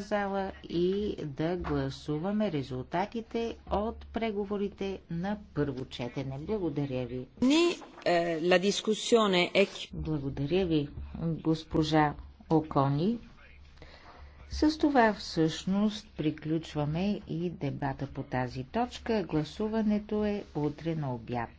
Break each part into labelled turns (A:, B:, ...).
A: зала и да гласуваме резултатите от преговорите на първо четене. Благодаря ви. Ни, la discussione е... е Благодаря ви, госпожа Окони. С това всъщност приключваме и дебата по тази точка. Гласуването е утре на обяд.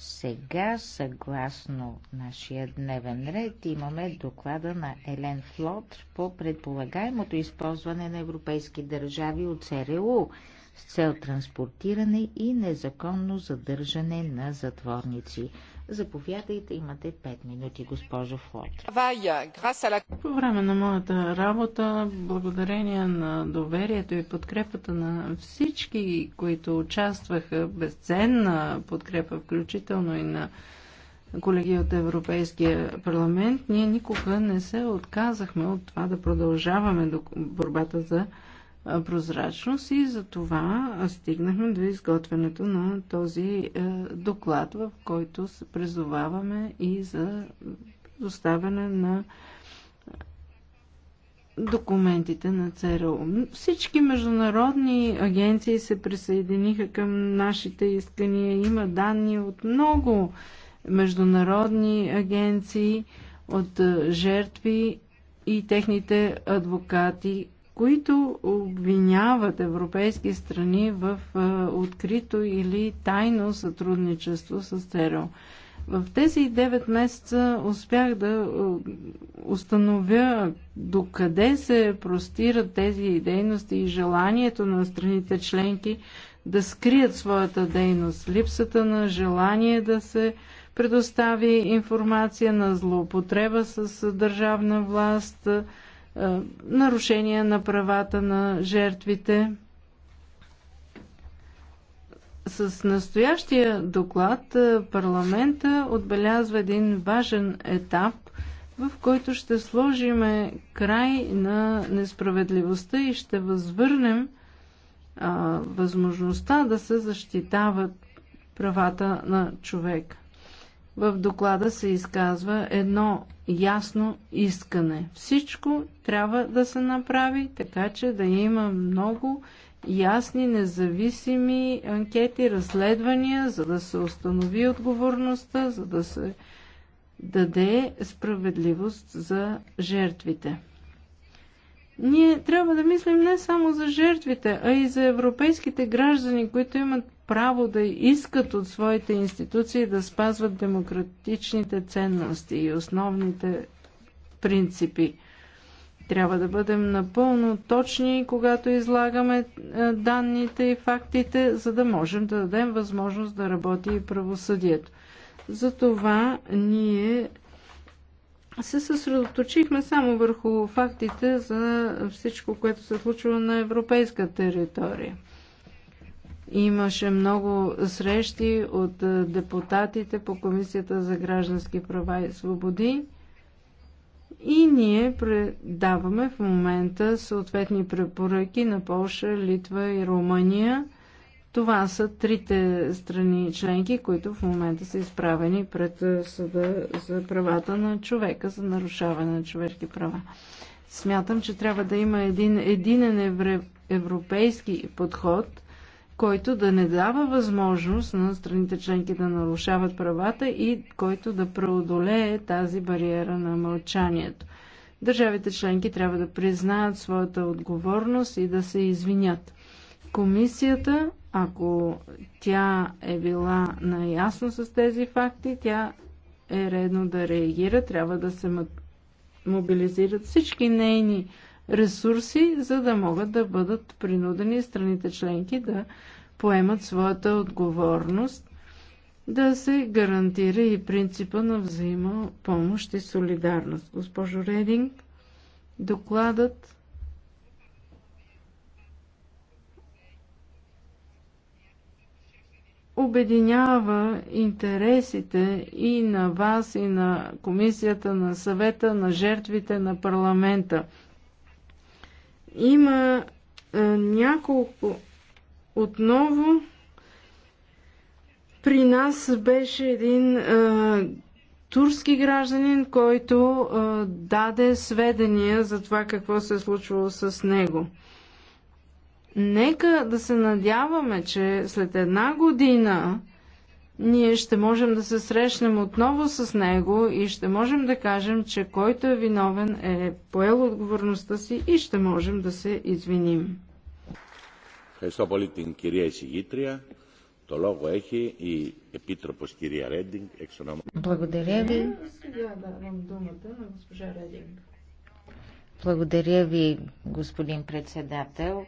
A: Сега, съгласно нашия дневен ред, имаме доклада на Елен Флот по предполагаемото използване на европейски държави от СРУ с цел транспортиране и незаконно задържане на затворници. Заповядайте, имате 5 минути, госпожо Флот. По време на моята работа, благодарение
B: на доверието и подкрепата на всички, които участваха, безценна подкрепа, включително и на колеги от Европейския парламент, ние никога не се отказахме от това да продължаваме борбата за прозрачност и за това стигнахме до изготвянето на този е, доклад, в който се призоваваме и за доставяне на е, документите на ЦРУ. Всички международни агенции се присъединиха към нашите искания. Има данни от много международни агенции, от е, жертви и техните адвокати, които обвиняват европейски страни в открито или тайно сътрудничество с ЦРУ. В тези 9 месеца успях да установя докъде се простират тези дейности и желанието на страните членки да скрият своята дейност, липсата на желание да се предостави информация на злоупотреба с държавна власт, е, нарушения на правата на жертвите. С настоящия доклад е, парламента отбелязва един важен етап, в който ще сложиме край на несправедливостта и ще възвърнем а, е, възможността да се защитават правата на човека в доклада се изказва едно ясно искане. Всичко трябва да се направи, така че да има много ясни, независими анкети, разследвания, за да се установи отговорността, за да се даде справедливост за жертвите. Ние трябва да мислим не само за жертвите, а и за европейските граждани, които имат право да искат от своите институции да спазват демократичните ценности и основните принципи. Трябва да бъдем напълно точни, когато излагаме е, данните и фактите, за да можем да дадем възможност да работи и правосъдието. Затова ние се съсредоточихме само върху фактите за всичко, което се случва на европейска територия. Имаше много срещи от е, депутатите по Комисията за граждански права и свободи. И ние предаваме в момента съответни препоръки на Полша, Литва и Румъния. Това са трите страни членки, които в момента са изправени пред е, съда за правата на човека, за нарушаване на човешки права. Смятам, че трябва да има един единен европейски подход – който да не дава възможност на страните членки да нарушават правата и който да преодолее тази бариера на мълчанието. Държавите членки трябва да признаят своята отговорност и да се извинят. Комисията, ако тя е била наясно с тези факти, тя е редно да реагира, трябва да се мобилизират всички нейни ресурси, за да могат да бъдат принудени страните членки да поемат своята отговорност, да се гарантира и принципа на взаима помощ и солидарност. Госпожо Рединг, докладът обединява интересите и на вас, и на комисията, на съвета, на жертвите, на парламента. Има а, няколко отново. При нас беше един а, турски гражданин, който а, даде сведения за това какво се е случвало с него. Нека да се надяваме, че след една година ние ще можем да се срещнем отново с него и ще можем да кажем, че който е виновен е поел отговорността си и ще можем да се извиним.
C: Ευχαριστώ πολύ την κυρία εισηγήτρια. Το λόγο έχει η Επίτροπος κυρία Ρέντινγκ εξ
A: Благодаря ви. Благодаря ви, господин председател.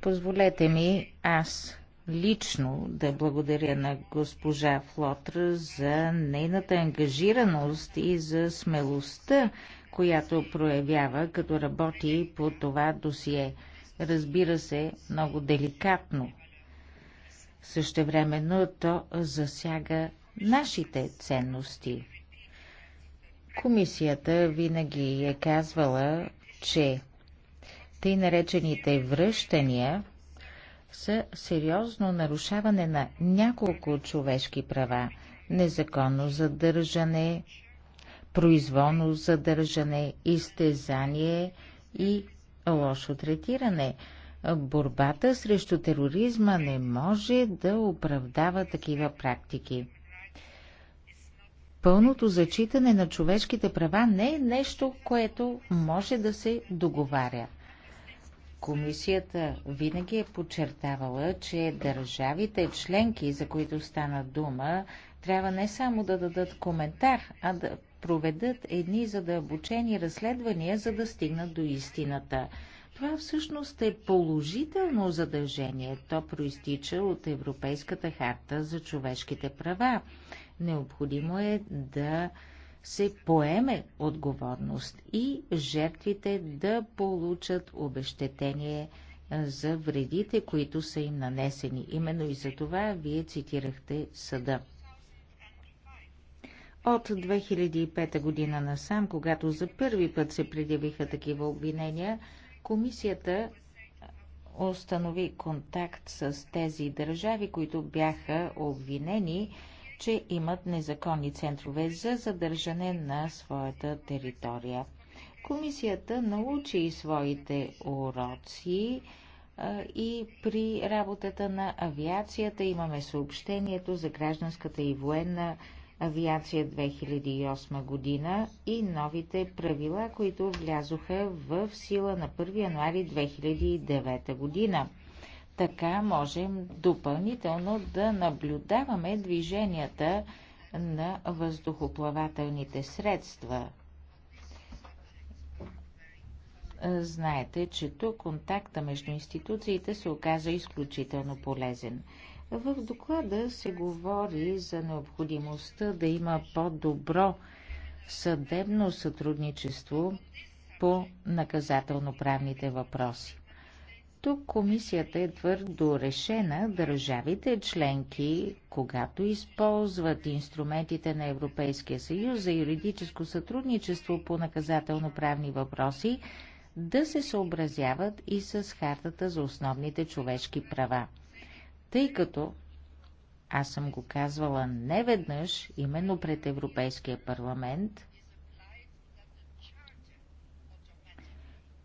A: Позволете ми аз лично да благодаря на госпожа Флотра за нейната ангажираност и за смелостта, която проявява, като работи по това досие. Разбира се, много деликатно. Същевременно то засяга нашите ценности. Комисията винаги е казвала, че тъй наречените връщания – са сериозно нарушаване на няколко човешки права – незаконно задържане, произволно задържане, изтезание и лошо третиране. Борбата срещу тероризма не може да оправдава такива практики. Пълното зачитане на човешките права не е нещо, което може да се договаря. Комисията винаги е подчертавала, че държавите членки, за които стана дума, трябва не само да дадат коментар, а да проведат едни задълбочени разследвания, за да стигнат до истината. Това всъщност е положително задължение. То проистича от Европейската харта за човешките права. Необходимо е да се поеме отговорност и жертвите да получат обещетение за вредите, които са им нанесени. Именно и за това вие цитирахте съда. От 2005 година насам, когато за първи път се предявиха такива обвинения, комисията установи контакт с тези държави, които бяха обвинени че имат незаконни центрове за задържане на своята територия. Комисията научи своите уроци и при работата на авиацията имаме съобщението за гражданската и военна авиация 2008 година и новите правила, които влязоха в сила на 1 януари 2009 година. Така можем допълнително да наблюдаваме движенията на въздухоплавателните средства. Знаете, че тук контакта между институциите се оказа изключително полезен. В доклада се говори за необходимостта да има по-добро съдебно сътрудничество по наказателно-правните въпроси. Тук комисията е твърдо решена държавите членки, когато използват инструментите на Европейския съюз за юридическо сътрудничество по наказателно-правни въпроси, да се съобразяват и с хартата за основните човешки права. Тъй като аз съм го казвала неведнъж, именно пред Европейския парламент,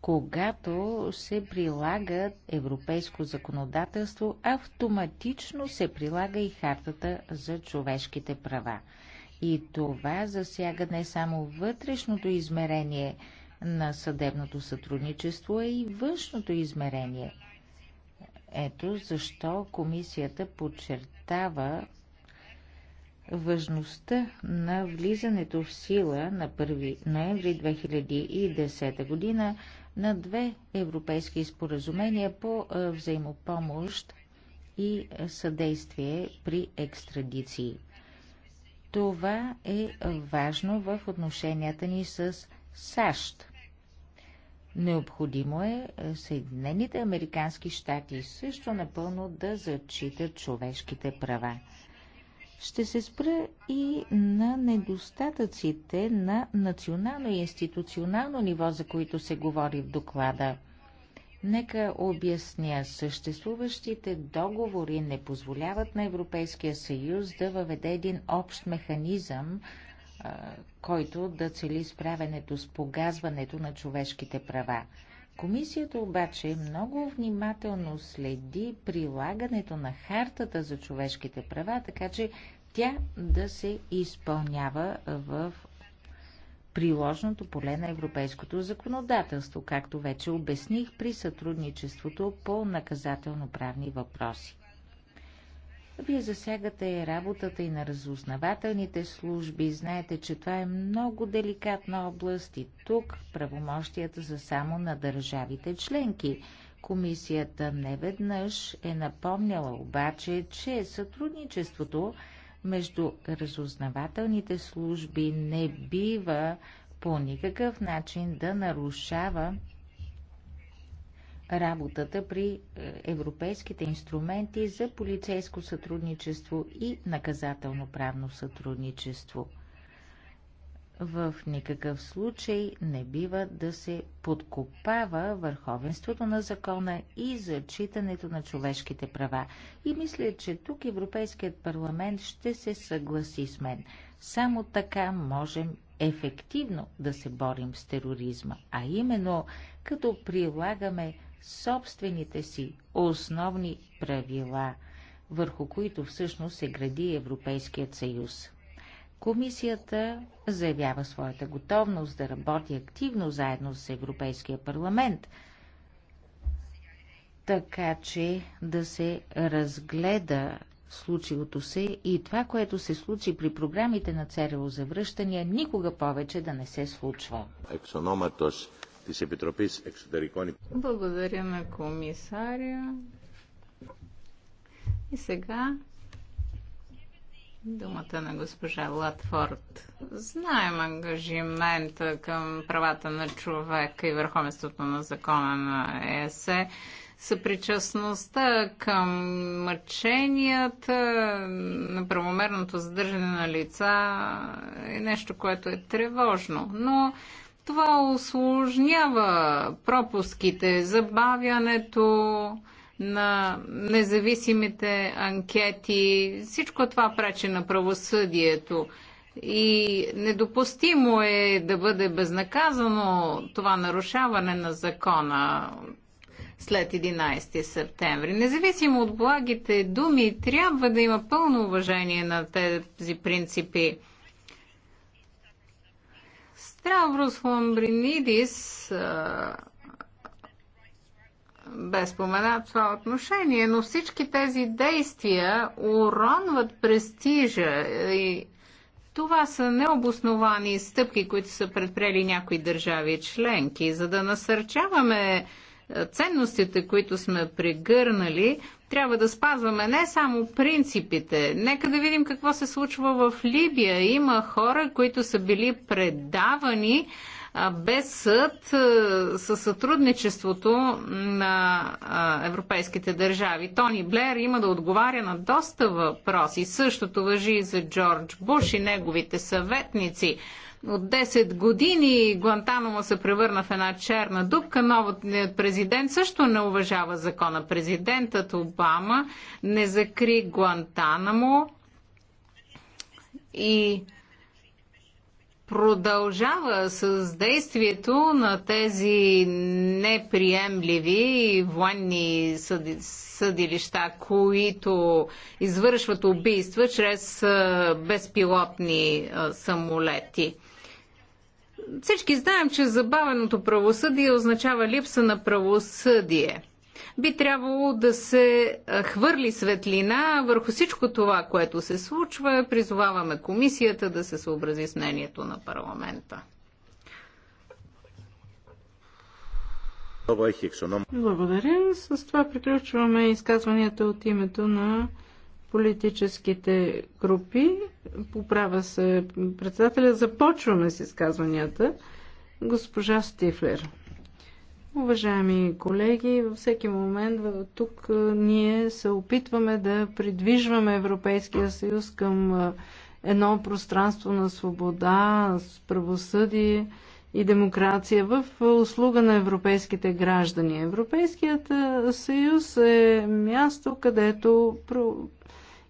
A: когато се прилага европейско законодателство, автоматично се прилага и хартата за човешките права. И това засяга не само вътрешното измерение на съдебното сътрудничество, а и външното измерение. Ето защо комисията подчертава важността на влизането в сила на 1 ноември 2010 година на две европейски споразумения по е, взаимопомощ и съдействие при екстрадиции. Това е важно в отношенията ни с САЩ. Необходимо е Съединените Американски щати също напълно да зачитат човешките права. Ще се спра и на недостатъците на национално и институционално ниво, за които се говори в доклада. Нека обясня, съществуващите договори не позволяват на Европейския съюз да въведе един общ механизъм, който да цели справенето с погазването на човешките права. Комисията обаче много внимателно следи прилагането на хартата за човешките права, така че тя да се изпълнява в приложното поле на европейското законодателство, както вече обясних при сътрудничеството по наказателно-правни въпроси. Вие засягате и работата и на разузнавателните служби. Знаете, че това е много деликатна област и тук правомощията са само на държавите членки. Комисията неведнъж е напомняла обаче, че сътрудничеството между разузнавателните служби не бива по никакъв начин да нарушава работата при е, европейските инструменти за полицейско сътрудничество и наказателно-правно сътрудничество. В никакъв случай не бива да се подкопава върховенството на закона и зачитането на човешките права. И мисля, че тук Европейският парламент ще се съгласи с мен. Само така можем ефективно да се борим с тероризма, а именно като прилагаме собствените си основни правила, върху които всъщност се гради Европейският съюз. Комисията заявява своята готовност да работи активно заедно с Европейския парламент, така че да се разгледа случилото се и това, което се случи при програмите на ЦРУ за връщания, никога повече да не се случва.
C: Ексономатос της Επιτροπής Εξωτερικών
A: Благодаря на комисаря. И сега
D: думата на госпожа Латфорд. Знаем ангажимента към правата на човека и върховенството на закона на ЕСЕ съпричастността към мъченията, неправомерното задържане на лица е нещо, което е тревожно. Но това осложнява пропуските, забавянето на независимите анкети. Всичко това пречи на правосъдието. И недопустимо е да бъде безнаказано това нарушаване на закона след 11 септември. Независимо от благите думи, трябва да има пълно уважение на тези принципи. Траурус Ламбринидис бе споменат това отношение, но всички тези действия уронват престижа и това са необосновани стъпки, които са предприели някои държави членки, за да насърчаваме ценностите, които сме прегърнали, трябва да спазваме не само принципите. Нека да видим какво се случва в Либия. Има хора, които са били предавани без съд е, със сътрудничеството на европейските държави. Тони Блер има да отговаря на доста въпроси. Същото въжи и за Джордж Буш и неговите съветници. От 10 години Гуантанамо се превърна в една черна дупка. Новият е, президент също не уважава закона. Президентът Обама не закри Гуантанамо и продължава с действието на тези неприемливи военни съди, съдилища, които извършват убийства чрез безпилотни самолети. Всички знаем, че забавеното правосъдие означава липса на правосъдие – би трябвало да се хвърли светлина върху всичко това, което се случва. Призоваваме комисията да се съобрази с мнението на парламента.
B: Благодаря. С това приключваме изказванията от името на политическите групи. Поправя се председателя. Започваме с изказванията. Госпожа Стифлер. Уважаеми колеги, във всеки момент тук ние се опитваме да придвижваме Европейския съюз към едно пространство на свобода, правосъдие и демокрация в услуга на европейските граждани. Европейският съюз е място, където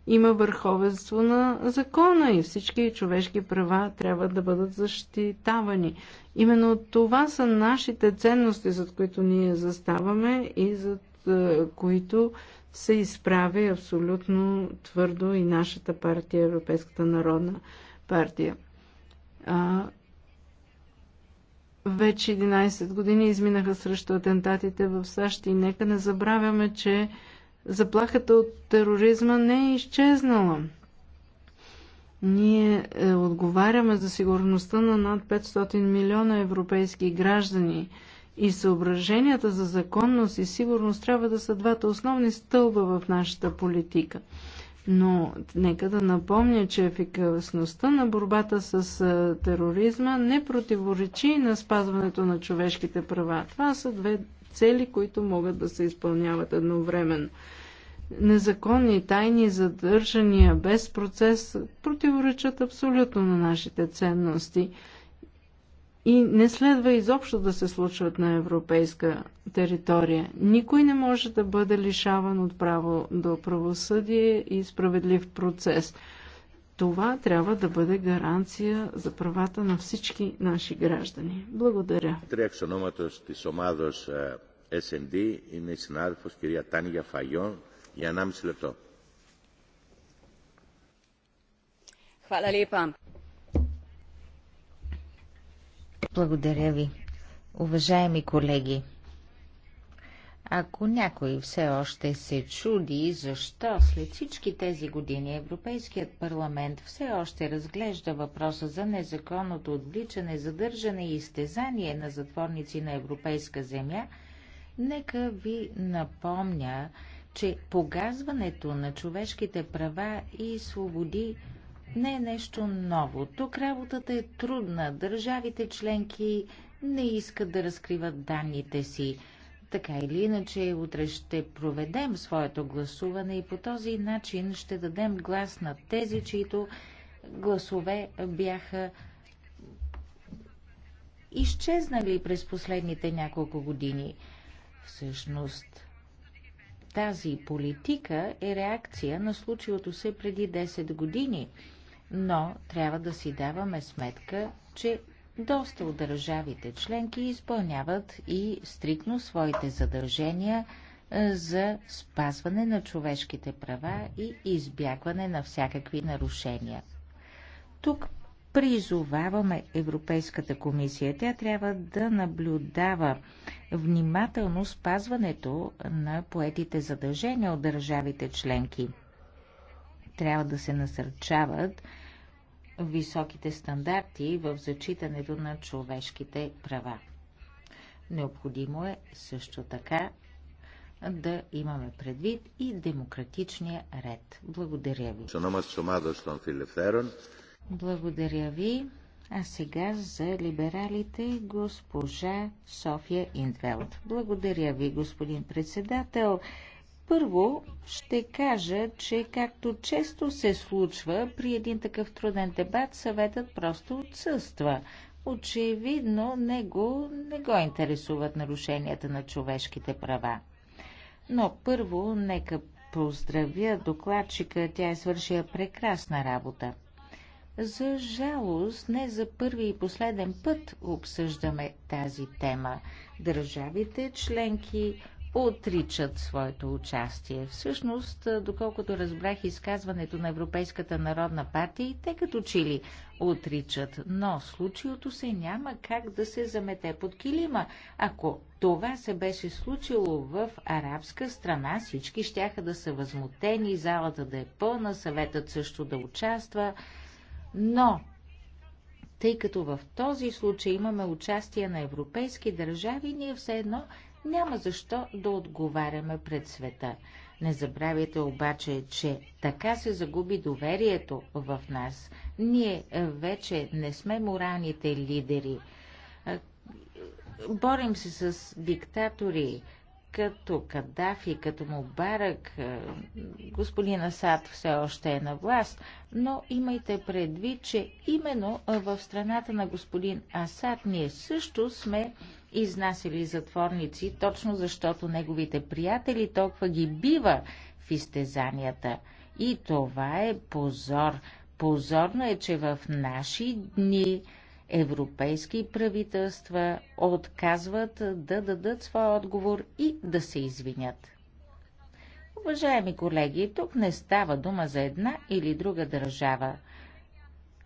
B: има върховенство на закона и всички човешки права трябва да бъдат защитавани. Именно това са нашите ценности, за които ние заставаме и за е, които се изправи абсолютно твърдо и нашата партия, Европейската народна партия. А, вече 11 години изминаха срещу атентатите в САЩ и нека не забравяме, че заплахата от тероризма не е изчезнала. Ние е, отговаряме за сигурността на над 500 милиона европейски граждани и съображенията за законност и сигурност трябва да са двата основни стълба в нашата политика. Но нека да напомня, че ефикасността на борбата с е, тероризма не противоречи на спазването на човешките права. Това са две цели, които могат да се изпълняват едновременно. Незаконни тайни задържания без процес противоречат абсолютно на нашите ценности и не следва изобщо да се случват на европейска територия. Никой не може да бъде лишаван от право до правосъдие и справедлив процес. Това трябва да бъде гаранция за правата на всички наши граждани. Благодаря.
C: της ομάδος είναι η συνάδελφος κυρία Τάνια Φαγιόν για 1,5 λεπτό.
A: Благодаря ви. Уважаеми колеги, ако някой все още се чуди защо след всички тези години Европейският парламент все още разглежда въпроса за незаконното отвличане, задържане и изтезание на затворници на европейска земя, нека ви напомня, че погазването на човешките права и свободи не е нещо ново. Тук работата е трудна. Държавите членки не искат да разкриват данните си. Така или иначе, утре ще проведем своето гласуване и по този начин ще дадем глас на тези, чието гласове бяха изчезнали през последните няколко години. Всъщност, тази политика е реакция на случилото се преди 10 години, но трябва да си даваме сметка, че доста от държавите членки изпълняват и стрикно своите задължения е, за спазване на човешките права и избягване на всякакви нарушения. Тук призоваваме Европейската комисия. Тя трябва да наблюдава внимателно спазването на поетите задължения от държавите членки. Трябва да се насърчават високите стандарти в зачитането на човешките права. Необходимо е също така да имаме предвид и демократичния ред. Благодаря ви. Благодаря ви. А сега за либералите госпожа София Индвелт. Благодаря ви, господин председател. Първо ще кажа, че както често се случва при един такъв труден дебат, съветът просто отсъства. Очевидно него не го интересуват нарушенията на човешките права. Но първо нека поздравя докладчика, тя е свършила прекрасна работа. За жалост, не за първи и последен път обсъждаме тази тема. Държавите членки отричат своето участие. Всъщност, доколкото разбрах изказването на Европейската народна партия, и те като че ли отричат. Но случилото се няма как да се замете под килима. Ако това се беше случило в арабска страна, всички щяха да са възмутени, залата да е пълна, съветът също да участва. Но тъй като в този случай имаме участие на европейски държави, ние все едно няма защо да отговаряме пред света. Не забравяйте обаче, че така се загуби доверието в нас. Ние вече не сме моралните лидери. Борим се с диктатори, като Кадафи, като Мубарак, господин Асад все още е на власт, но имайте предвид, че именно в страната на господин Асад ние също сме изнасяли затворници, точно защото неговите приятели толкова ги бива в изтезанията. И това е позор. Позорно е, че в наши дни европейски правителства отказват да дадат своя отговор и да се извинят. Уважаеми колеги, тук не става дума за една или друга държава.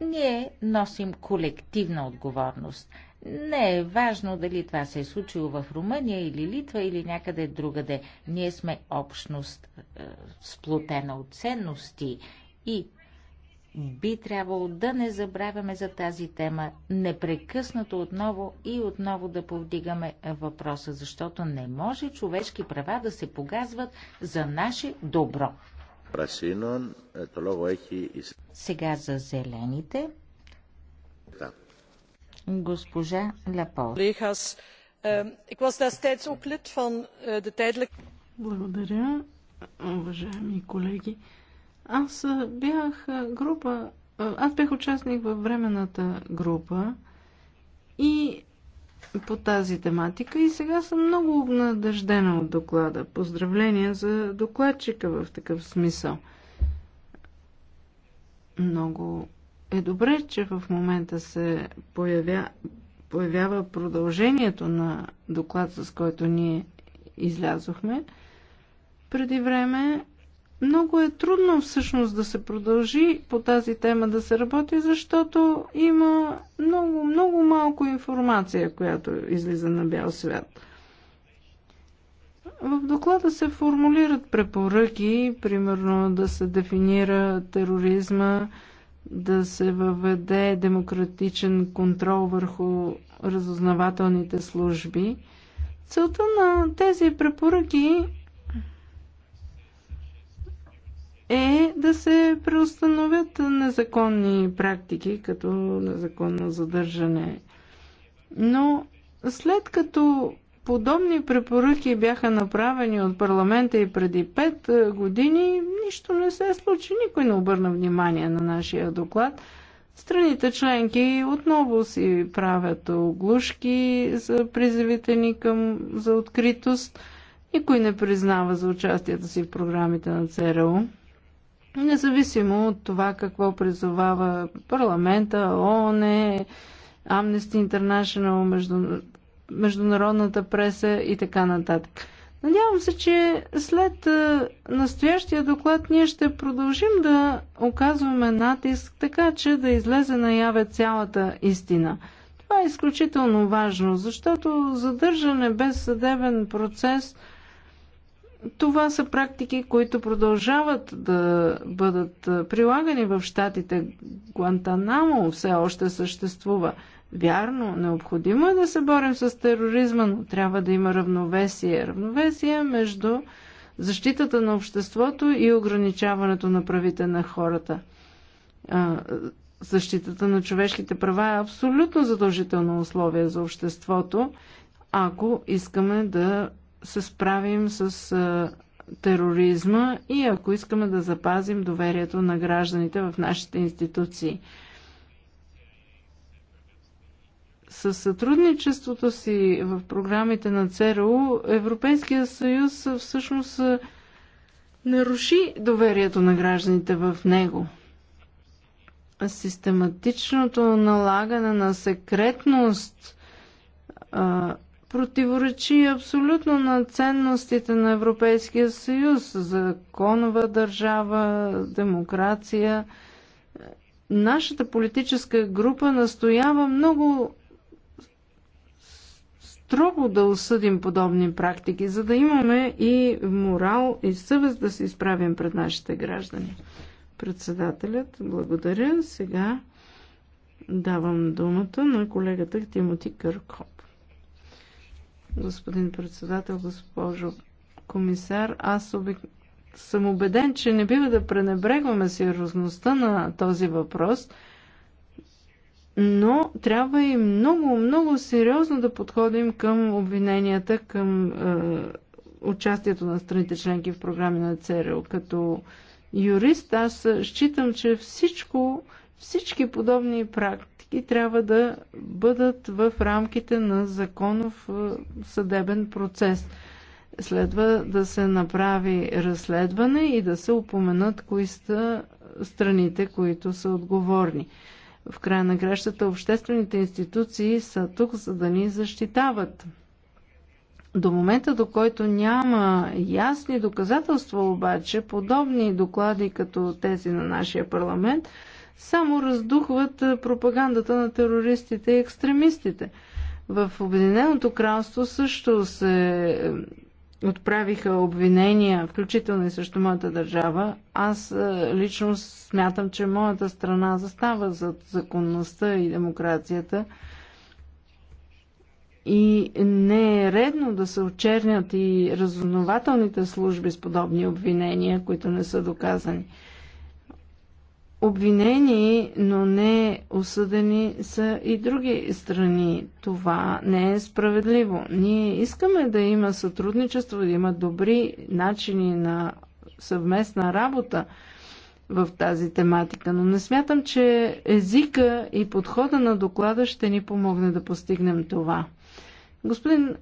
A: Ние носим колективна отговорност – не е важно дали това се е случило в Румъния или Литва или някъде другаде. Ние сме общност, е, сплутена от ценности и би трябвало да не забравяме за тази тема, непрекъснато отново и отново да повдигаме въпроса, защото не може човешки права да се погазват за наше добро. Сега за зелените. Госпожа Лапол.
B: Э, э, Благодаря, уважаеми колеги. Аз э, бях група, аз бях участник във временната група и по тази тематика и сега съм много обнадеждена от доклада. Поздравления за докладчика в такъв смисъл. Много е добре, че в момента се появя, появява продължението на доклад, с който ние излязохме. Преди време много е трудно всъщност да се продължи по тази тема да се работи, защото има много, много малко информация, която излиза на бял свят. В доклада се формулират препоръки, примерно да се дефинира тероризма, да се въведе демократичен контрол върху разузнавателните служби. Целта на тези препоръки е да се преустановят незаконни практики, като незаконно задържане. Но след като подобни препоръки бяха направени от парламента и преди 5 е, години, нищо не се случи, никой не обърна внимание на нашия доклад. Страните членки отново си правят оглушки за призивите ни към, за откритост. Никой не признава за участието си в програмите на ЦРУ. Независимо от това какво призовава парламента, ООН, Amnesty International, между международната преса и така нататък. Надявам се, че след е, настоящия доклад ние ще продължим да оказваме натиск, така че да излезе наяве цялата истина. Това е изключително важно, защото задържане без съдебен процес това са практики, които продължават да бъдат е, прилагани в щатите. Гуантанамо все още съществува. Вярно, необходимо е да се борим с тероризма, но трябва да има равновесие. Равновесие между защитата на обществото и ограничаването на правите на хората. Защитата на човешките права е абсолютно задължително условие за обществото, ако искаме да се справим с тероризма и ако искаме да запазим доверието на гражданите в нашите институции. Със сътрудничеството си в програмите на ЦРУ, Европейския съюз всъщност наруши доверието на гражданите в него. Систематичното налагане на секретност а, противоречи абсолютно на ценностите на Европейския съюз законова държава, демокрация. Нашата политическа група настоява много строго да осъдим подобни практики, за да имаме и морал и съвест да се изправим пред нашите граждани. Председателят, благодаря. Сега давам думата на колегата Тимоти Къркоп. Господин председател, госпожо комисар, аз обик... съм убеден, че не бива да пренебрегваме сериозността на този въпрос – но трябва и много, много сериозно да подходим към обвиненията, към е, участието на страните членки в програми на ЦРУ. Като юрист аз считам, че всичко, всички подобни практики трябва да бъдат в рамките на законов е, съдебен процес. Следва да се направи разследване и да се упоменат кои са страните, които са отговорни. В края на кращата обществените институции са тук, за да ни защитават. До момента, до който няма ясни доказателства, обаче, подобни доклади като тези на нашия парламент, само раздухват пропагандата на терористите и екстремистите. В Обединеното кралство също се отправиха обвинения, включително и срещу моята държава, аз е, лично смятам, че моята страна застава зад законността и демокрацията. И не е редно да се очернят и разузнавателните служби с подобни обвинения, които не са доказани. Обвинени, но не осъдени са и други страни. Това не е справедливо. Ние искаме да има сътрудничество, да има добри начини на съвместна работа в тази тематика, но не смятам, че езика и подхода на доклада ще ни помогне да постигнем това. Господин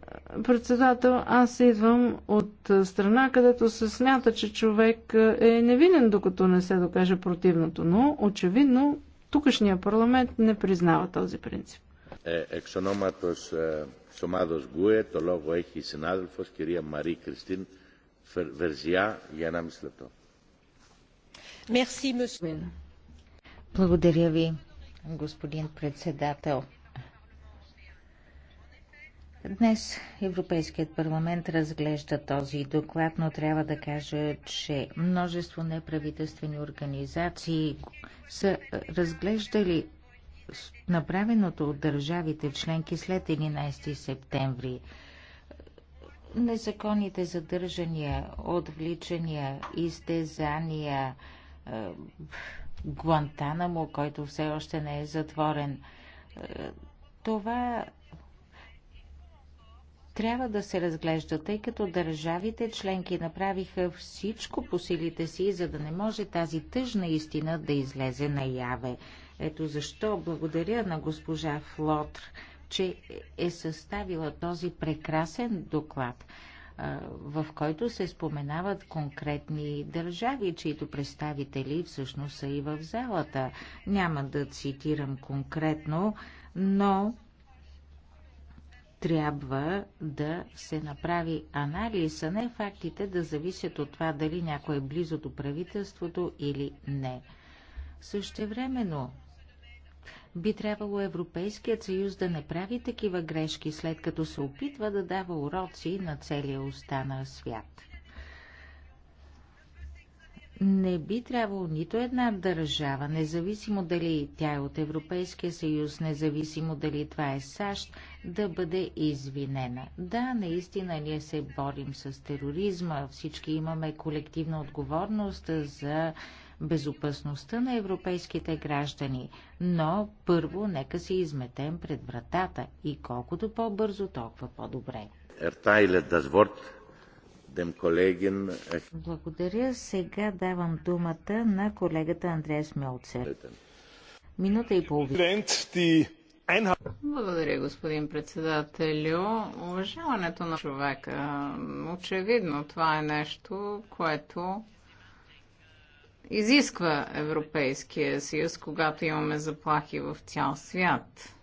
B: председател, аз идвам от страна, където се смята, че човек е невинен, докато не се докаже противното, но очевидно тукашния парламент не признава този принцип.
C: Е, ексономатос е, Сомадос Гуе, ομάδος ΓΚΟΕ, το λόγο έχει η συνάδελφος κυρία Μαρή για 1,5 λεπτό.
A: Благодаря ви, господин председател. Днес Европейският парламент разглежда този доклад, но трябва да кажа, че множество неправителствени организации са разглеждали направеното от държавите членки след 11 септември. Незаконните задържания, отвличания, изтезания, е, Гуантанамо, който все още не е затворен. Е, това трябва да се разглежда, тъй като държавите членки направиха всичко по силите си, за да не може тази тъжна истина да излезе наяве. Ето защо благодаря на госпожа Флотр, че е съставила този прекрасен доклад, в който се споменават конкретни държави, чието представители всъщност са и в залата. Няма да цитирам конкретно, но трябва да се направи анализ, а не фактите да зависят от това дали някой е близо до правителството или не. Същевременно би трябвало Европейският съюз да не прави такива грешки, след като се опитва да дава уроци на целия останал свят не би трябвало нито една държава, независимо дали тя е от Европейския съюз, независимо дали това е САЩ, да бъде извинена. Да, наистина ние се борим с тероризма, всички имаме колективна отговорност за безопасността на европейските граждани, но първо нека се изметем пред вратата и колкото по-бързо, толкова по-добре.
C: Er Äh,
A: Благодаря. Сега давам думата на колегата Андреас Мелцер. Минута и половина.
D: Благодаря, господин председателю. Уважаването на човека, очевидно, това е нещо, което изисква Европейския съюз, когато имаме заплахи в цял свят.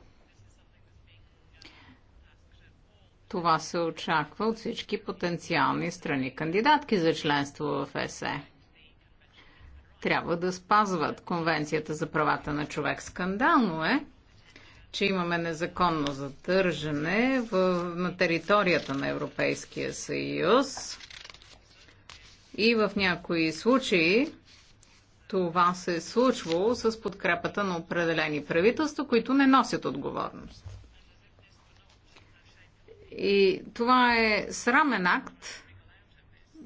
D: Това се очаква от всички потенциални страни кандидатки за членство в ЕСЕ. Трябва да спазват Конвенцията за правата на човек. Скандално е, че имаме незаконно задържане в, на територията на Европейския съюз и в някои случаи това се е случвало с подкрепата на определени правителства, които не носят отговорност. И това е срамен акт,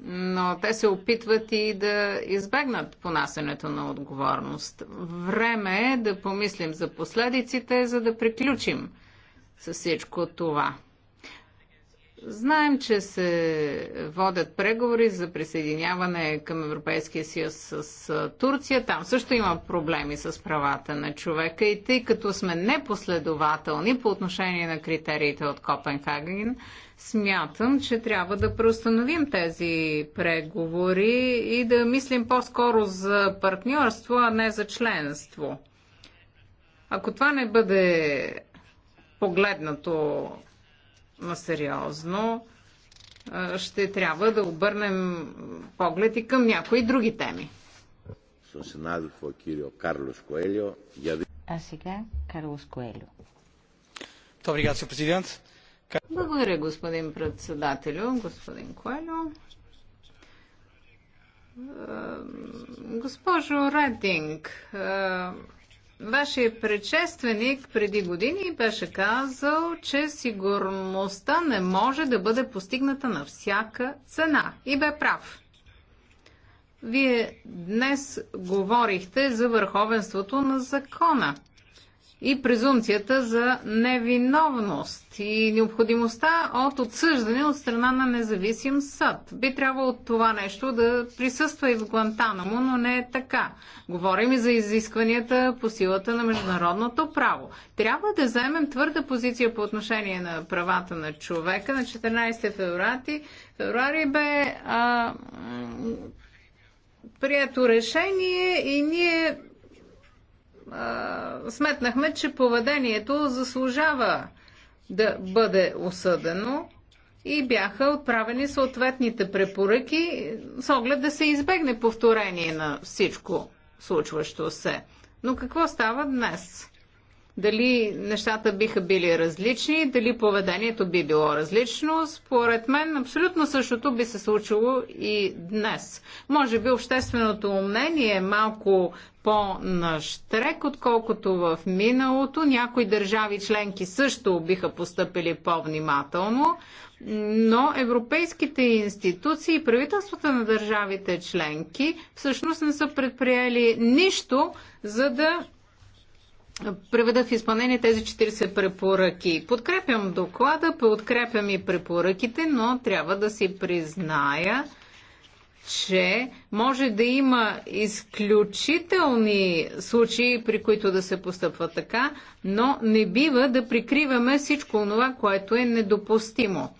D: но те се опитват и да избегнат понасенето на отговорност. Време е да помислим за последиците, за да приключим с всичко това. Знаем, че се водят преговори за присъединяване към Европейския съюз с Турция. Там също има проблеми с правата на човека и тъй като сме непоследователни по отношение на критериите от Копенхаген, смятам, че трябва да преустановим тези преговори и да мислим по-скоро за партньорство, а не за членство. Ако това не бъде погледнато сериозно, ще трябва да обърнем поглед и към някои други теми. А сега Карлос Коелио. Благодаря, господин председателю, господин Коелио. Госпожо Рединг, Вашия предшественик преди години беше казал, че сигурността не може да бъде постигната на всяка цена. И бе прав. Вие днес говорихте за върховенството на закона и презумцията за невиновност и необходимостта от отсъждане от страна на независим съд. Би трябвало това нещо да присъства и в Гуантанамо, но не е така. Говорим и за изискванията по силата на международното право. Трябва да вземем твърда позиция по отношение на правата на човека. На 14 феврати. феврари бе а, прието решение и ние а, сметнахме, че поведението заслужава да бъде осъдено и бяха отправени съответните препоръки с оглед да се избегне повторение на всичко случващо се. Но какво става днес? Дали нещата биха били различни, дали поведението би било различно, според мен абсолютно същото би се случило и днес. Може би общественото мнение е малко по нащрек отколкото в миналото. Някои държави членки също биха поступили по-внимателно, но европейските институции и правителствата на държавите членки всъщност не са предприели нищо, за да преведа в изпълнение тези 40 препоръки. Подкрепям доклада, подкрепям и препоръките, но трябва да си призная, че може да има изключителни случаи, при които да се постъпва така, но не бива да прикриваме всичко това, което е недопустимо.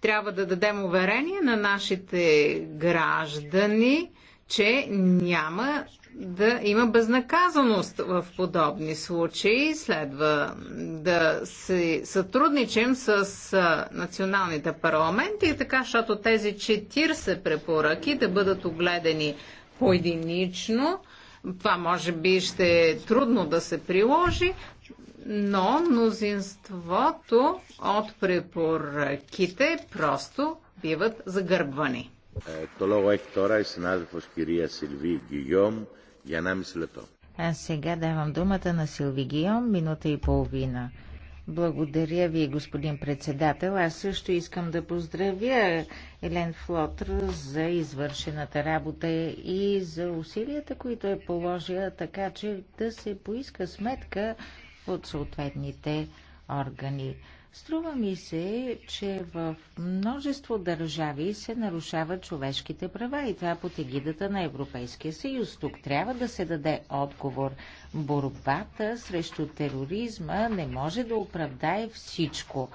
D: Трябва да дадем уверение на нашите граждани, че няма да има безнаказаност в подобни случаи. Следва да се сътрудничим с националните парламенти, така, защото тези 40 препоръки да бъдат огледани поединично. Това може би ще е трудно да се приложи, но мнозинството от препоръките просто биват загърбвани.
C: Το λόγο έχει τώρα η συνάδελφος κυρία Γκυγιόμ για 1,5 λεπτό.
A: сега давам думата на Силви Гион, минута и половина. Благодаря ви, господин председател. Аз също искам да поздравя Елен Флотр за извършената работа и за усилията, които е положила, така че да се поиска сметка от съответните органи. Струва ми се, че в множество държави се нарушават човешките права и това е под егидата на Европейския съюз. Тук трябва да се даде отговор. Борбата срещу тероризма не може да оправдае всичко.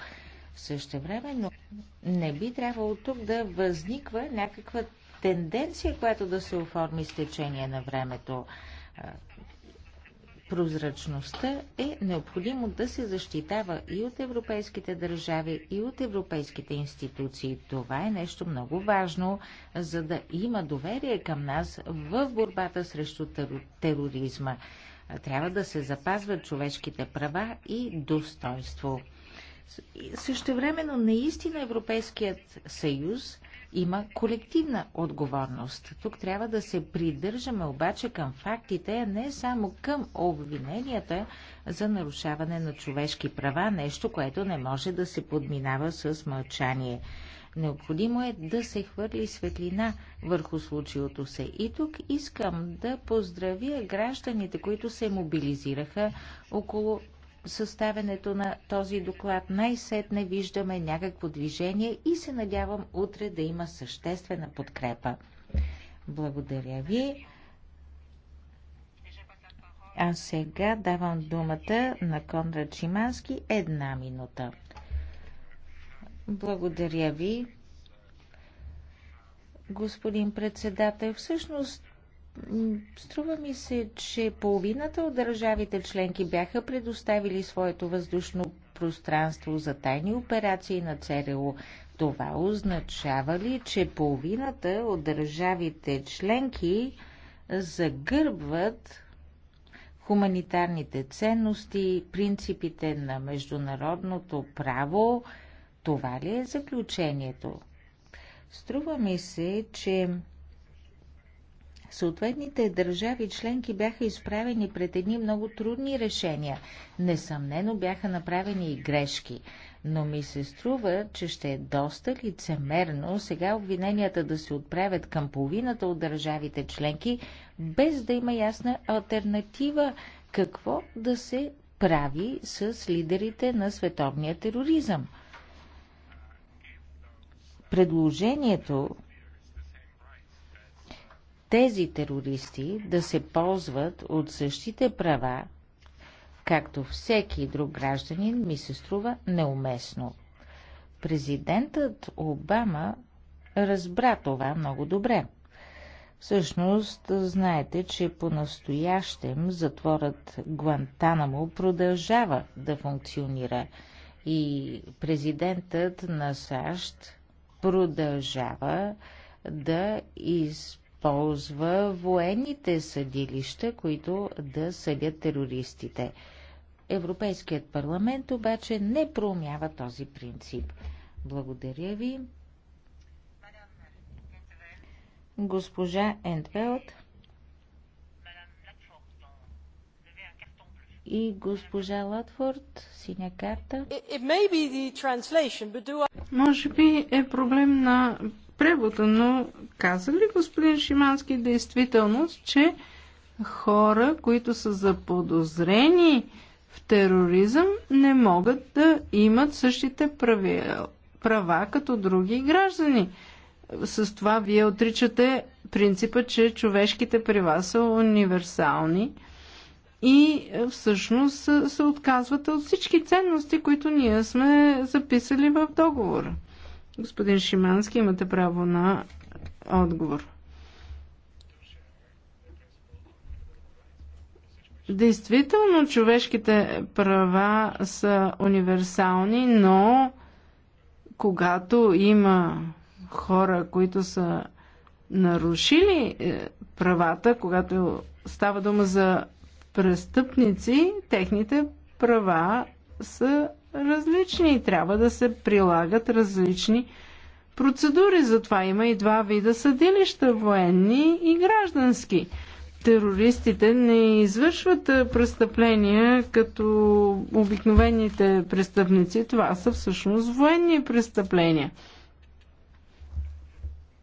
A: В но не би трябвало тук да възниква някаква тенденция, която да се оформи с течение на времето прозрачността е необходимо да се защитава и от европейските държави, и от европейските институции. Това е нещо много важно, за да има доверие към нас в борбата срещу тероризма. Трябва да се запазват човешките права и достоинство. Също времено, наистина Европейският съюз – има колективна отговорност. Тук трябва да се придържаме обаче към фактите, а не само към обвиненията за нарушаване на човешки права, нещо, което не може да се подминава с мълчание. Необходимо е да се хвърли светлина върху случилото се. И тук искам да поздравя гражданите, които се мобилизираха около съставянето на този доклад. Най-сетне виждаме някакво движение и се надявам утре да има съществена подкрепа. Благодаря ви. А сега давам думата на Конрад Шимански една минута. Благодаря ви. Господин председател, всъщност Струва ми се, че половината от държавите членки бяха предоставили своето въздушно пространство за тайни операции на ЦРУ. Това означава ли, че половината от държавите членки загърбват хуманитарните ценности, принципите на международното право? Това ли е заключението? Струва ми се, че Съответните държави членки бяха изправени пред едни много трудни решения. Несъмнено бяха направени и грешки. Но ми се струва, че ще е доста лицемерно сега обвиненията да се отправят към половината от държавите членки, без да има ясна альтернатива какво да се прави с лидерите на световния тероризъм. Предложението тези терористи да се ползват от същите права, както всеки друг гражданин, ми се струва неуместно. Президентът Обама разбра това много добре. Всъщност, знаете, че по-настоящем затворът Гуантанамо продължава да функционира и президентът на САЩ продължава да изпълнява използва военните съдилища, които да съдят терористите. Европейският парламент обаче не проумява този принцип. Благодаря ви. Госпожа Ентвелт и госпожа Латфорд, синя карта.
B: Може би е проблем на превода, но каза ли господин Шимански действителност, че хора, които са заподозрени в тероризъм, не могат да имат същите прави, права като други граждани? С това вие отричате принципа, че човешките права са универсални и е, всъщност е, се отказвате от всички ценности, които ние сме записали в договора. Господин Шимански, имате право на отговор. Действително, човешките права са универсални, но когато има хора, които са нарушили е, правата, когато става дума за престъпници, техните права са различни и трябва да се прилагат различни процедури. Затова има и два вида съдилища военни и граждански. Терористите не извършват престъпления като обикновените престъпници. Това са всъщност военни престъпления.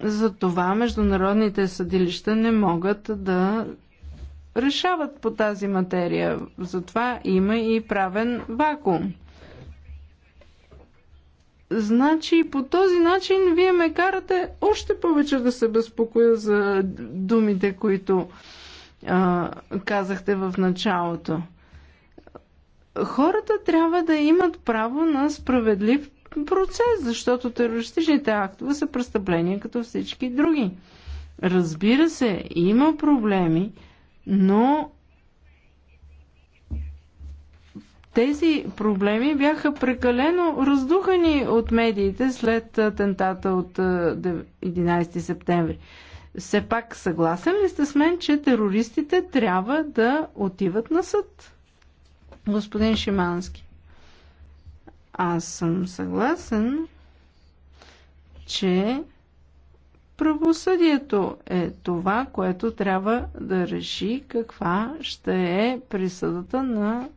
B: Затова международните съдилища не могат да решават по тази материя. Затова има и правен вакуум. Значи по този начин вие ме карате още повече да се безпокоя за думите, които а, казахте в началото. Хората трябва да имат право на справедлив процес, защото терористичните актове са престъпления като всички други. Разбира се, има проблеми, но Тези проблеми бяха прекалено раздухани от медиите след атентата от 11 септември. Все пак съгласен ли сте с мен, че терористите трябва да отиват на съд? Господин Шимански. Аз съм съгласен, че правосъдието е това, което трябва да реши каква ще е присъдата на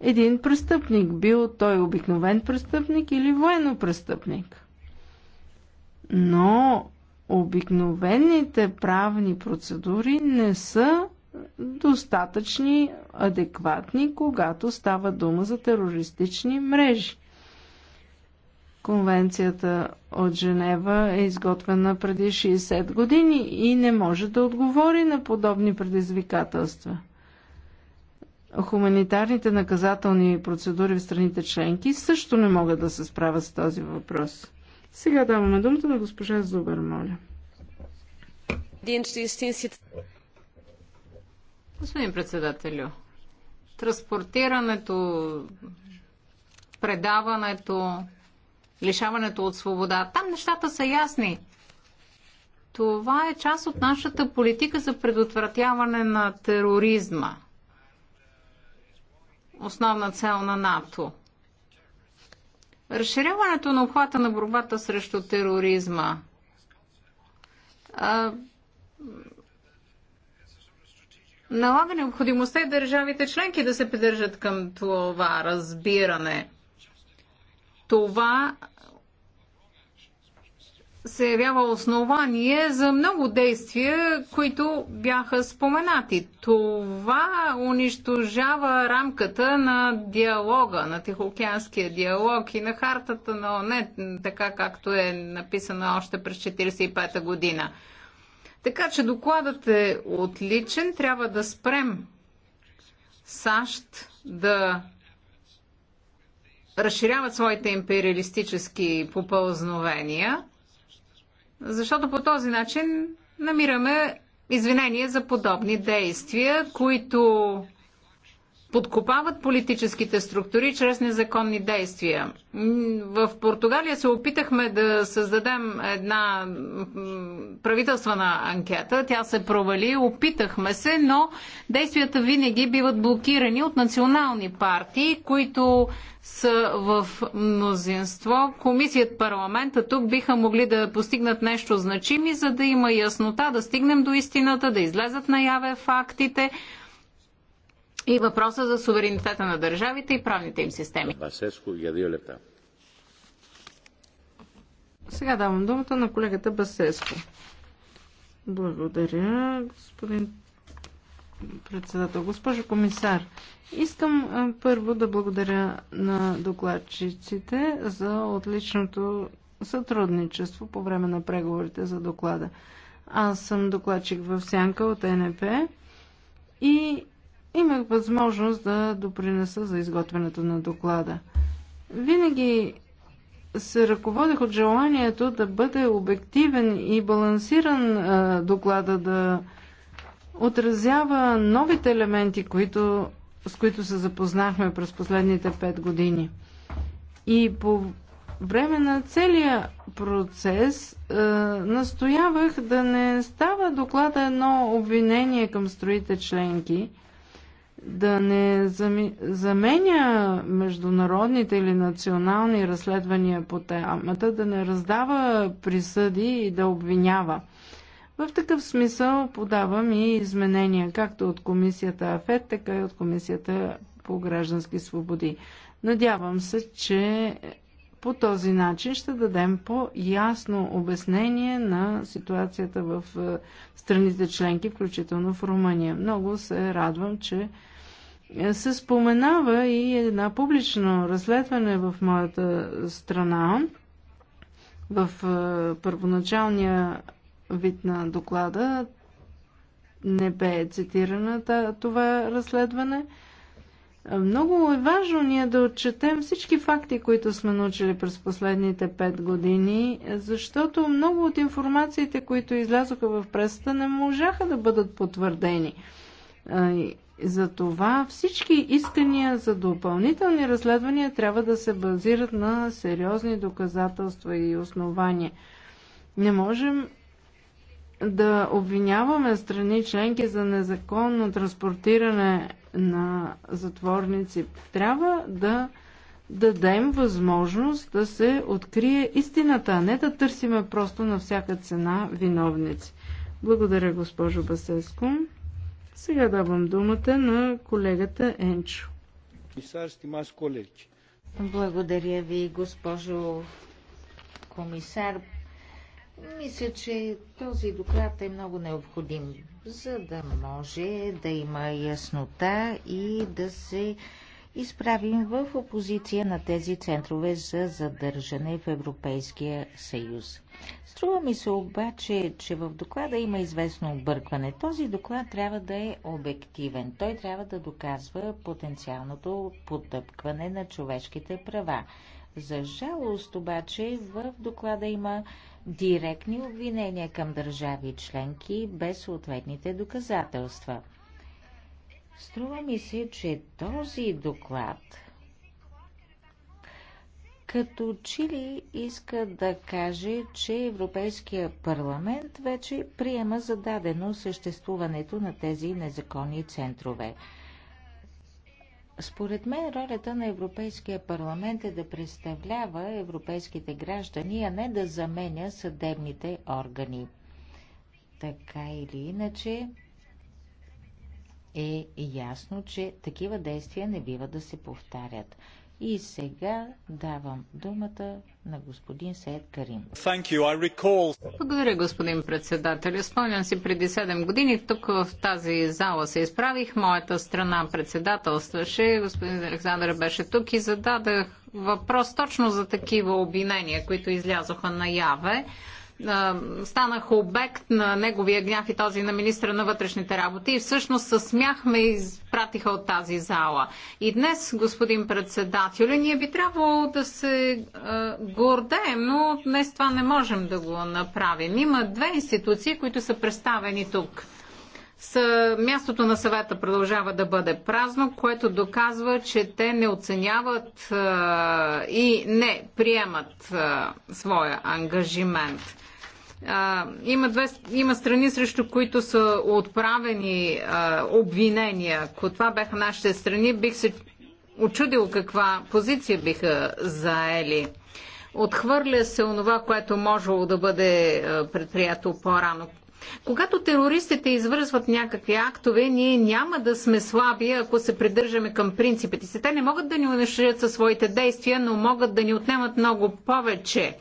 B: един престъпник, бил той обикновен престъпник или военно престъпник. Но обикновените правни процедури не са достатъчни, адекватни, когато става дума за терористични мрежи. Конвенцията от Женева е изготвена преди 60 години и не може да отговори на подобни предизвикателства хуманитарните наказателни процедури в страните членки също не могат да се справят с този въпрос. Сега даваме думата на госпожа Зубер,
D: моля. Господин председателю, транспортирането, предаването, лишаването от свобода, там нещата са ясни. Това е част от нашата политика за предотвратяване на тероризма – основна цел на НАТО. Разширяването на обхвата на борбата срещу тероризма. А, налага необходимостта и държавите членки да се придържат към това разбиране. Това се явява основание за много действия, които бяха споменати. Това унищожава рамката на диалога, на Тихоокеанския диалог и на хартата на ОНЕ, така както е написана още през 1945 година. Така че докладът е отличен. Трябва да спрем САЩ да разширяват своите империалистически попълзновения – защото по този начин намираме извинение за подобни действия, които подкопават политическите структури чрез незаконни действия. В Португалия се опитахме да създадем една правителствена анкета. Тя се провали, опитахме се, но действията винаги биват блокирани от национални партии, които са в мнозинство. Комисият, парламента тук биха могли да постигнат нещо значими, за да има яснота, да стигнем до истината, да излезат наяве фактите, и въпроса за суверенитета на държавите и правните им системи.
C: Басеско, я лепта.
B: Сега давам думата на колегата Басеско. Благодаря, господин председател. Госпожо комисар, искам първо да благодаря на докладчиците за отличното сътрудничество по време на преговорите за доклада. Аз съм докладчик в Сянка от НП и имах възможност да допринеса за изготвянето на доклада. Винаги се ръководех от желанието да бъде обективен и балансиран а, доклада, да отразява новите елементи, които, с които се запознахме през последните пет години. И по време на целия процес а, настоявах да не става доклада едно обвинение към строите членки – да не заменя международните или национални разследвания по темата, да не раздава присъди и да обвинява. В такъв смисъл подавам и изменения, както от комисията АФЕД, така и от комисията по граждански свободи. Надявам се, че по този начин ще дадем по-ясно обяснение на ситуацията в е, страните членки, включително в Румъния. Много се радвам, че се споменава и една публично разследване в моята страна. В е, първоначалния вид на доклада не бе цитирана това разследване. Много е важно ние да отчетем всички факти, които сме научили през последните пет години, защото много от информациите, които излязоха в пресата, не можаха да бъдат потвърдени. Затова всички искания за допълнителни разследвания трябва да се базират на сериозни доказателства и основания. Не можем да обвиняваме страни членки за незаконно транспортиране на затворници. Трябва да дадем възможност да се открие истината, а не да търсиме просто на всяка цена виновници. Благодаря, госпожо Басеско. Сега давам
A: думата на колегата Енчо. Благодаря ви, госпожо комисар. Мисля, че този доклад е много необходим, за да може да има яснота и да се изправим в опозиция на тези центрове за задържане в Европейския съюз. Струва ми се обаче, че в доклада има известно объркване. Този доклад трябва да е обективен. Той трябва да доказва потенциалното потъпкване на човешките права. За жалост обаче в доклада има директни обвинения към държави членки без съответните доказателства. Струва ми се, че този доклад като Чили иска да каже, че Европейския парламент вече приема зададено съществуването на тези незаконни центрове. Според мен ролята на Европейския парламент е да представлява европейските граждани, а не да заменя съдебните органи. Така или иначе, е ясно, че такива действия не бива да се повтарят. И сега давам думата на господин Сейд Карим. Recall...
D: Благодаря, господин председател. Спомням си преди 7 години, тук в тази зала се изправих. Моята страна председателстваше, господин Александър беше тук и зададах въпрос точно за такива обвинения, които излязоха наяве станах обект на неговия гняв и този на министра на вътрешните работи и всъщност със смях ме изпратиха от тази зала. И днес, господин председател, ние би трябвало да се гордеем, но днес това не можем да го направим. Има две институции, които са представени тук. С мястото на съвета продължава да бъде празно, което доказва, че те не оценяват а, и не приемат а, своя ангажимент а, има, две, има страни, срещу които са отправени а, обвинения. Ако това бяха нашите страни, бих се очудил каква позиция биха заели. Отхвърля се онова, което можело да бъде предприято по-рано. Когато терористите извързват някакви актове, ние няма да сме слаби, ако се придържаме към принципите си. Те не могат да ни унищожат със своите действия, но могат да ни отнемат много повече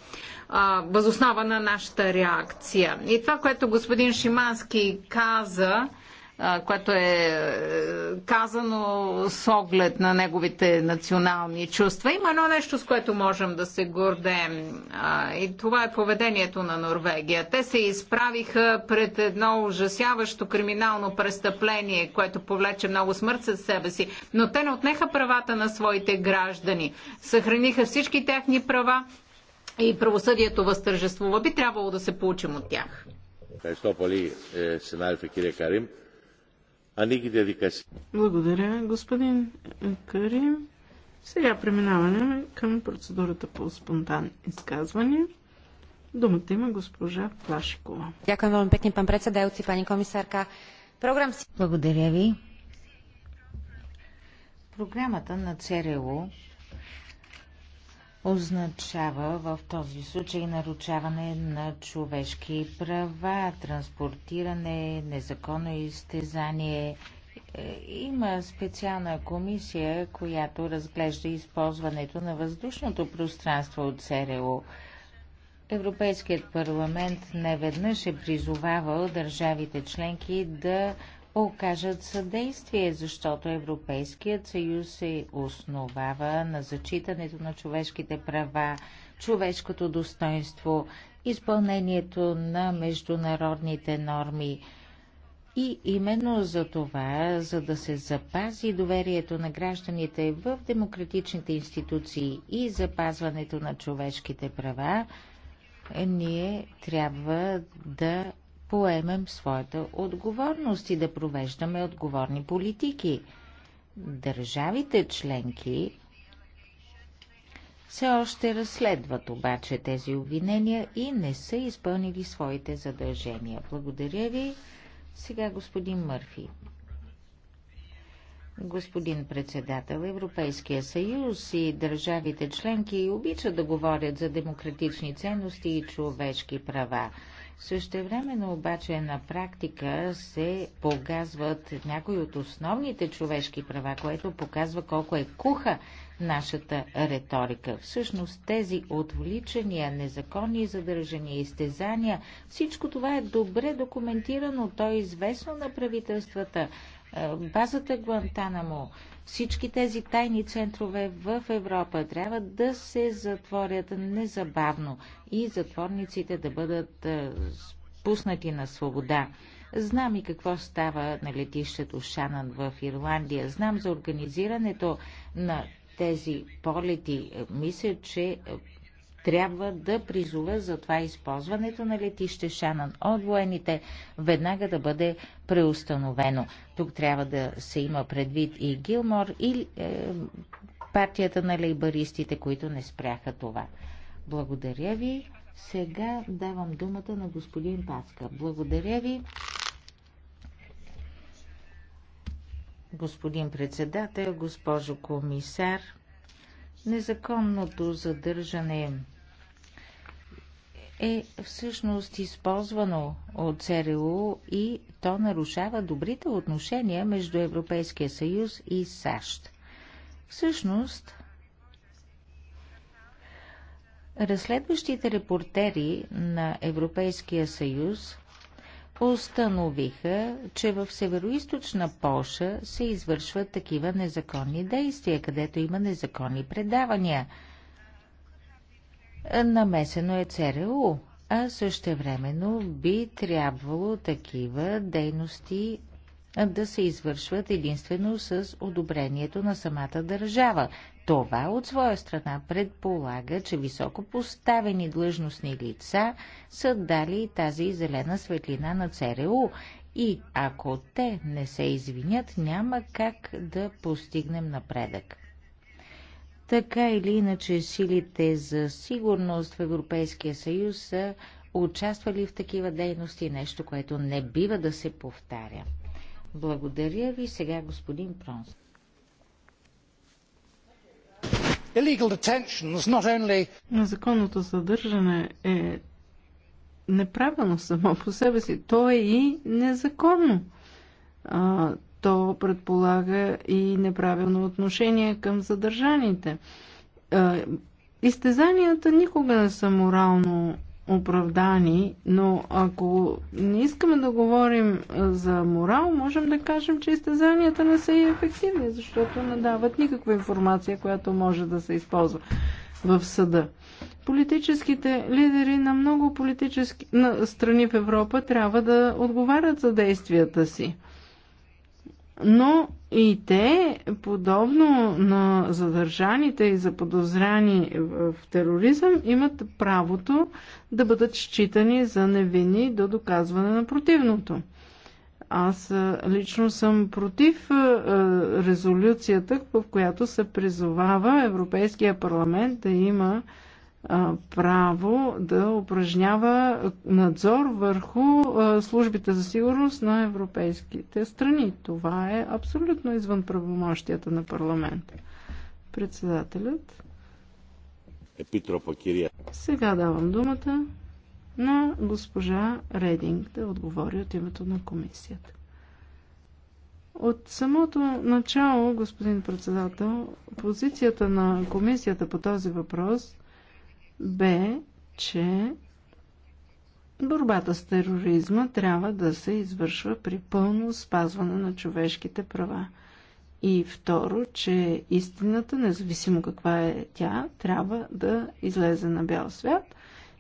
D: възоснова на нашата реакция. И това, което господин Шимански каза, което е, е казано с оглед на неговите национални чувства. Има едно нещо, с което можем да се гордеем. И това е поведението на Норвегия. Те се изправиха пред едно ужасяващо криминално престъпление, което повлече много смърт със себе си. Но те не отнеха правата на своите граждани. Съхраниха всички техни права и правосъдието възтържествува. Би трябвало да се получим от тях.
C: Е,
B: Благодаря, господин е, Карим. Сега преминаваме към процедурата по спонтанни изказвания. Думата има госпожа Плашикова.
A: Дякую вам пекни, пан председател, пани комисарка. Програм... Благодаря ви. Програмата на ЦРУ означава в този случай нарушаване на човешки права, транспортиране, незаконно изтезание. Е, има специална комисия, която разглежда използването на въздушното пространство от СРО. Европейският парламент неведнъж е призовавал държавите членки да окажат съдействие, защото Европейският съюз се основава на зачитането на човешките права, човешкото достоинство, изпълнението на международните норми. И именно за това, за да се запази доверието на гражданите в демократичните институции и запазването на човешките права, ние трябва да поемем своята отговорност и да провеждаме отговорни политики. Държавите членки все още разследват обаче тези обвинения и не са изпълнили своите задължения. Благодаря ви. Сега господин Мърфи. Господин председател, Европейския съюз и държавите членки обичат да говорят за демократични ценности и човешки права. Същевременно обаче на практика се погазват някои от основните човешки права, което показва колко е куха нашата риторика. Всъщност тези отвличания, незаконни задържания, изтезания, всичко това е добре документирано, то е известно на правителствата. Е, базата Гуантанамо, всички тези тайни центрове в Европа трябва да се затворят незабавно и затворниците да бъдат е, спуснати на свобода. Знам и какво става на летището Шанан в Ирландия. Знам за организирането на тези полети. Мисля, че е, трябва да призова за това използването на летище Шанан от военните веднага да бъде преустановено. Тук трябва да се има предвид и Гилмор, и е, партията на лейбаристите, които не спряха това. Благодаря ви. Сега давам думата на господин Паска. Благодаря ви. Господин председател, госпожо комисар, Незаконното задържане е всъщност използвано от ЦРУ и то нарушава добрите отношения между Европейския съюз и САЩ. Всъщност, разследващите репортери на Европейския съюз установиха, че в северо-источна Польша се извършват такива незаконни действия, където има незаконни предавания. Намесено е ЦРУ, е а същевременно би трябвало такива дейности да се извършват единствено с одобрението на самата държава. Това от своя страна предполага, че високо поставени длъжностни лица са дали тази зелена светлина на ЦРУ и ако те не се извинят, няма как да постигнем напредък. Така или иначе, силите за сигурност в Европейския съюз са участвали в такива дейности, нещо, което не бива да се повтаря. Благодаря ви сега, господин Пронс. Illegal detentions
B: not only... Незаконното съдържане е неправилно само по себе си. То е и незаконно. А, то предполага и неправилно отношение към задържаните. А, изтезанията никога не са морално оправдани, но ако не искаме да говорим за морал, можем да кажем, че изтезанията не са и ефективни, защото не дават никаква информация, която може да се използва в съда. Политическите лидери на много политически на страни в Европа трябва да отговарят за действията си но и те, подобно на задържаните и заподозрани в тероризъм, имат правото да бъдат считани за невинни до доказване на противното. Аз лично съм против резолюцията, в която се призовава Европейския парламент да има право да упражнява надзор върху службите за сигурност на европейските страни. Това е абсолютно извън правомощията на парламента. Председателят.
C: Епитропа Кирия.
B: Сега давам думата на госпожа Рединг да отговори от името на комисията. От самото начало, господин председател, позицията на комисията по този въпрос – бе, че борбата с тероризма трябва да се извършва при пълно спазване на човешките права. И второ, че истината, независимо каква е тя, трябва да излезе на бял свят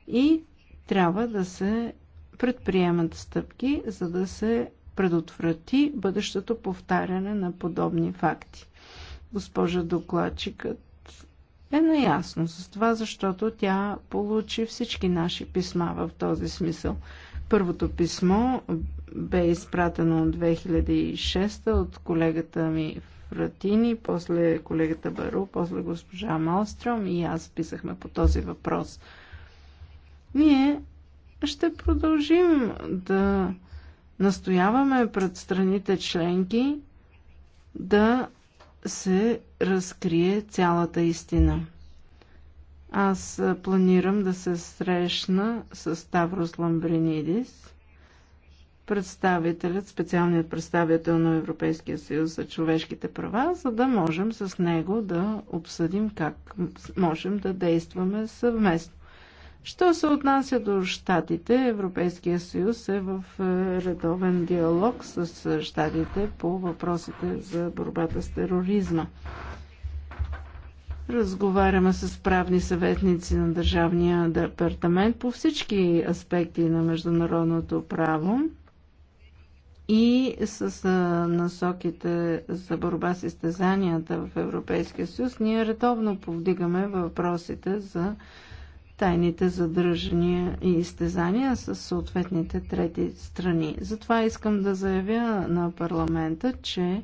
B: и трябва да се предприемат стъпки, за да се предотврати бъдещото повтаряне на подобни факти. Госпожа докладчикът е наясно с това, защото тя получи всички наши писма в този смисъл. Първото писмо бе изпратено от 2006 от колегата ми Фратини, после колегата Бару, после госпожа Малстром и аз писахме по този въпрос. Ние ще продължим да настояваме пред страните членки да се разкрие цялата истина. Аз планирам да се срещна с Ставрос Ламбринидис, представителят, специалният представител на Европейския съюз за човешките права, за да можем с него да обсъдим как можем да действаме съвместно. Що се отнася до щатите, Европейския съюз е в е, редовен диалог с щатите е, по въпросите за борбата с тероризма. Разговаряме с правни съветници на Държавния департамент по всички аспекти на международното право и с е, насоките за борба с изтезанията в Европейския съюз. Ние редовно повдигаме въпросите за тайните задържания и изтезания с съответните трети страни. Затова искам да заявя на парламента, че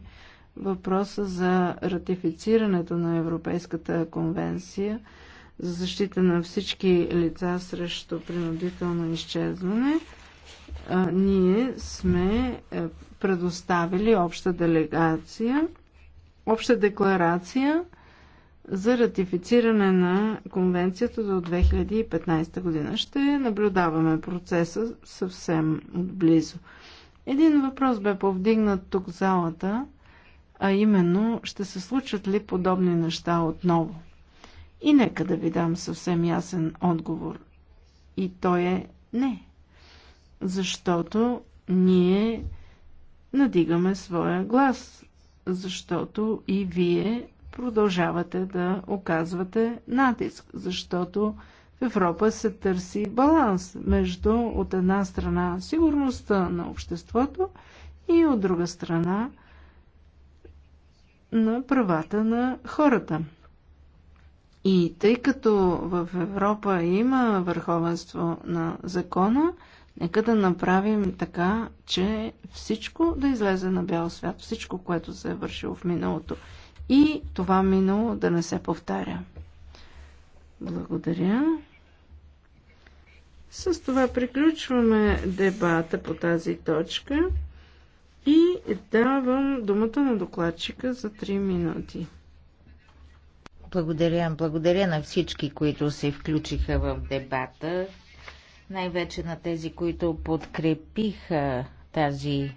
B: въпроса за ратифицирането на Европейската конвенция за защита на всички лица срещу принудително изчезване, ние сме е, предоставили обща делегация, обща декларация за ратифициране на конвенцията до 2015 година. Ще наблюдаваме процеса съвсем отблизо. Един въпрос бе повдигнат тук в залата, а именно ще се случат ли подобни неща отново. И нека да ви дам съвсем ясен отговор. И той е не. Защото ние надигаме своя глас. Защото и вие продължавате да оказвате натиск, защото в Европа се търси баланс между от една страна сигурността на обществото и от друга страна на правата на хората. И тъй като в Европа има върховенство на закона, нека да направим така, че всичко да излезе на бял свят, всичко, което се е вършило в миналото и това минало да не се повтаря. Благодаря. С това приключваме дебата
A: по тази точка и давам думата на докладчика за 3 минути. Благодаря. Благодаря на всички, които се включиха в дебата, най-вече на тези, които подкрепиха тази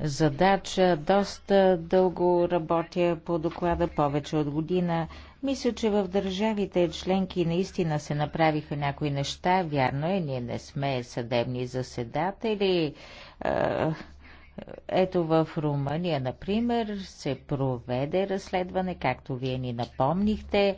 A: задача. Доста дълго работя по доклада, повече от година. Мисля, че в държавите членки наистина се направиха някои неща. Вярно е, ние не сме съдебни заседатели. Ето в Румъния, например, се проведе разследване, както вие ни напомнихте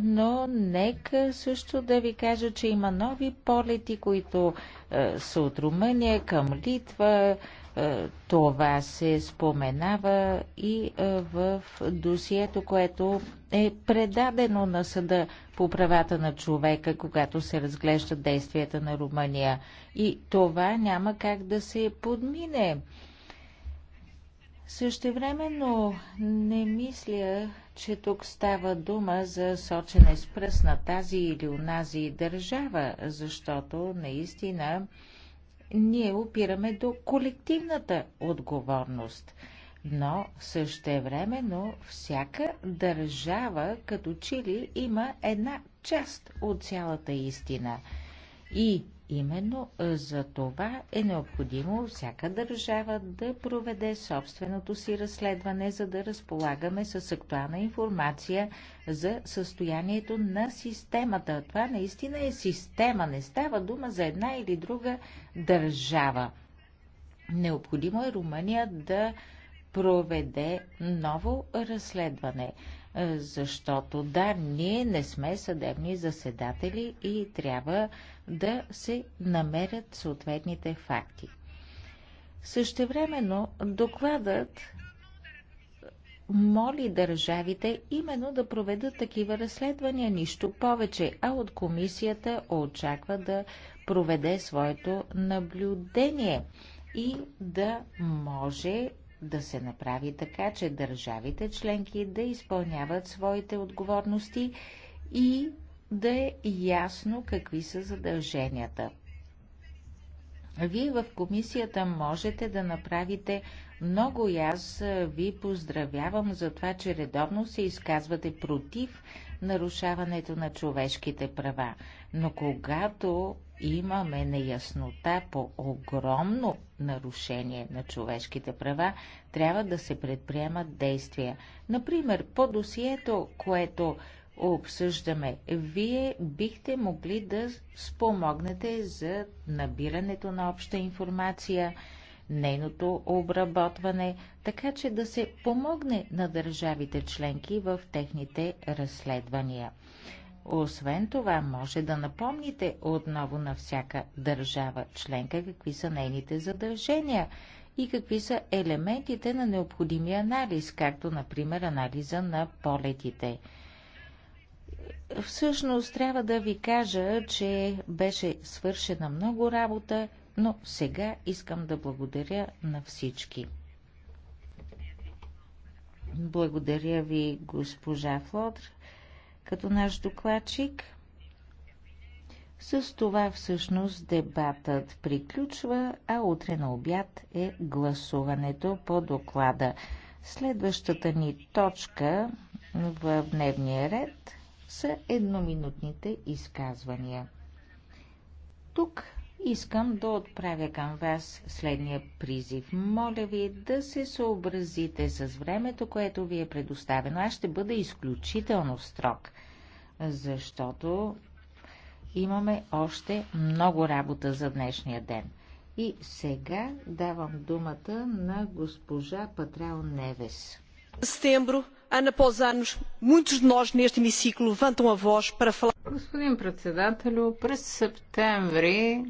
A: но нека също да ви кажа, че има нови полети, които е, са от Румъния към Литва. Е, това се споменава и е, в досието, което е предадено на съда по правата на човека, когато се разглеждат действията на Румъния. И това няма как да се подмине. Същевременно не мисля, че тук става дума за сочене с пръст на тази или унази държава, защото наистина ние опираме до колективната отговорност. Но същевременно всяка държава като Чили има една част от цялата истина. И Именно за това е необходимо всяка държава да проведе собственото си разследване, за да разполагаме с актуална информация за състоянието на системата. Това наистина е система, не става дума за една или друга държава. Необходимо е Румъния да проведе ново разследване. Е, защото да, ние не сме съдебни заседатели и трябва да се намерят съответните факти. Същевременно докладът моли държавите именно да проведат такива разследвания, нищо повече, а от комисията очаква да проведе своето наблюдение и да може да се направи така, че държавите членки да изпълняват своите отговорности и да е ясно какви са задълженията. Вие в комисията можете да направите много и аз ви поздравявам за това, че редовно се изказвате против нарушаването на човешките права. Но когато имаме неяснота по огромно нарушение на човешките права, трябва да се предприемат действия. Например, по досието, което обсъждаме, вие бихте могли да спомогнете за набирането на обща информация, нейното обработване, така че да се помогне на държавите членки в техните разследвания. Освен това, може да напомните отново на всяка държава членка какви са нейните задължения и какви са елементите на необходимия анализ, както например анализа на полетите. Всъщност трябва да ви кажа, че беше свършена много работа, но сега искам да благодаря на всички. Благодаря ви, госпожа Флодр като наш докладчик. С това всъщност дебатът приключва, а утре на обяд е гласуването по доклада. Следващата ни точка в дневния ред са едноминутните изказвания. Тук Искам да отправя към вас следния призив. Моля ви да се съобразите с времето, което ви е предоставено. Аз ще бъда изключително строг, защото имаме още много работа за днешния ден. И сега давам думата на госпожа Патрал Невес.
D: Сетембро, Ana após
A: muitos de nós neste hemiciclo levantam a voz para falar.
D: Господин председателю, през септември